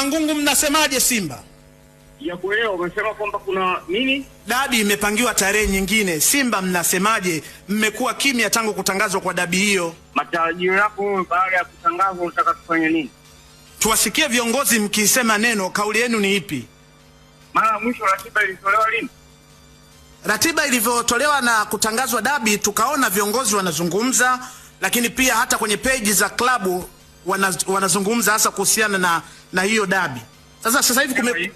Mangungu, mnasemaje Simba? Ya kuelewa umesema kwamba kuna nini? Dabi imepangiwa tarehe nyingine. Simba mnasemaje? Mmekuwa kimya tangu kutangazwa kwa dabi hiyo. Matarajio yako baada ya kutangazwa unataka tufanye nini? Tuwasikie viongozi mkisema neno, kauli yenu ni ipi? Mara mwisho ratiba ilitolewa lini? Ratiba ilivyotolewa na kutangazwa dabi, tukaona viongozi wanazungumza, lakini pia hata kwenye peji za klabu wanazungumza hasa kuhusiana na, na hiyo dabi. Sasa sasa hivi kume,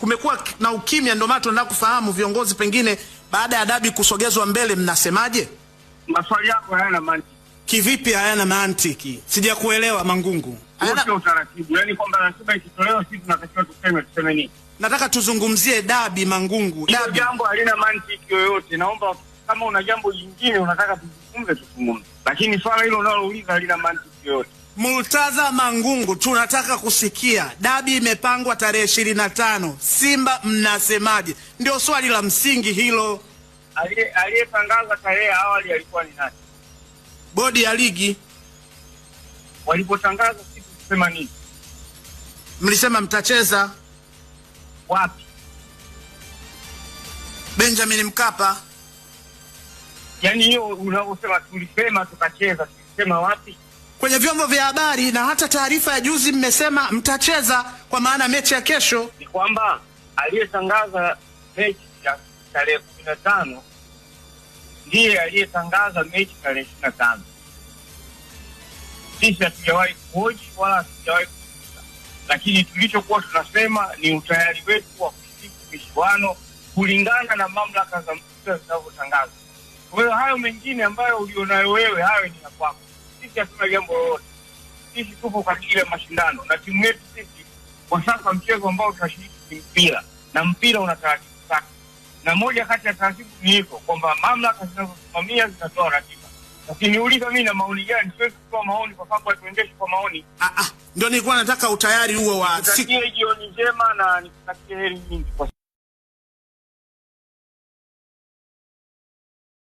kumekuwa na ukimya, ndio maana tunataka kufahamu viongozi, pengine baada ya dabi kusogezwa mbele, mnasemaje? Maswali yako hayana mantiki. Kivipi hayana mantiki? Sijakuelewa Mangungu. Hayana utaratibu, yani kwamba lazima ikitolewa sisi tunatakiwa tuseme tuseme nini? Nataka tuzungumzie dabi Mangungu. Dabi jambo halina mantiki yoyote. Naomba kama una jambo jingine unataka tuzungumze, tuzungumze, lakini swala hilo unalouliza halina mantiki yoyote. Murtaza Mangungu, tunataka kusikia dabi imepangwa tarehe ishirini na tano. Simba mnasemaje? Ndio swali la msingi hilo. Aliyetangaza tarehe awali alikuwa ni nani? Bodi ya ligi walipotangaza siku kusema nini? Mlisema mtacheza wapi? Benjamin Mkapa. Yaani hiyo unaosema tulisema tukacheza, tulisema wapi? kwenye vyombo vya habari na hata taarifa ya juzi mmesema mtacheza kwa maana mechi ya kesho. Ni kwamba aliyetangaza mechi ya tarehe kumi na tano ndiye aliyetangaza mechi tarehe ishirini na tano. Sisi hatujawahi kuhoji wala hatujawahi kuuza, lakini tulichokuwa tunasema ni utayari wetu wa kushiriki michuano kulingana na mamlaka za mpira zinavyotangaza. Kwa hiyo hayo mengine ambayo ulionayo wewe, hayo ni ya kwako sisi hatuna jambo lolote, sisi tupo katika mashindano na timu yetu sisi. Kwa sasa mchezo ambao tunashiriki ni mpira, na mpira una taratibu zake, na moja kati ya taratibu ni hivyo kwamba mamlaka zinazosimamia zinatoa ratiba. Ukiniuliza mi na maoni gani, siwezi kutoa maoni kwa sababu hatuendeshi kwa maoni. Ah, ah, ndio nilikuwa nataka utayari huo wa. Nikutakie jioni njema na nikutakie heri nyingi.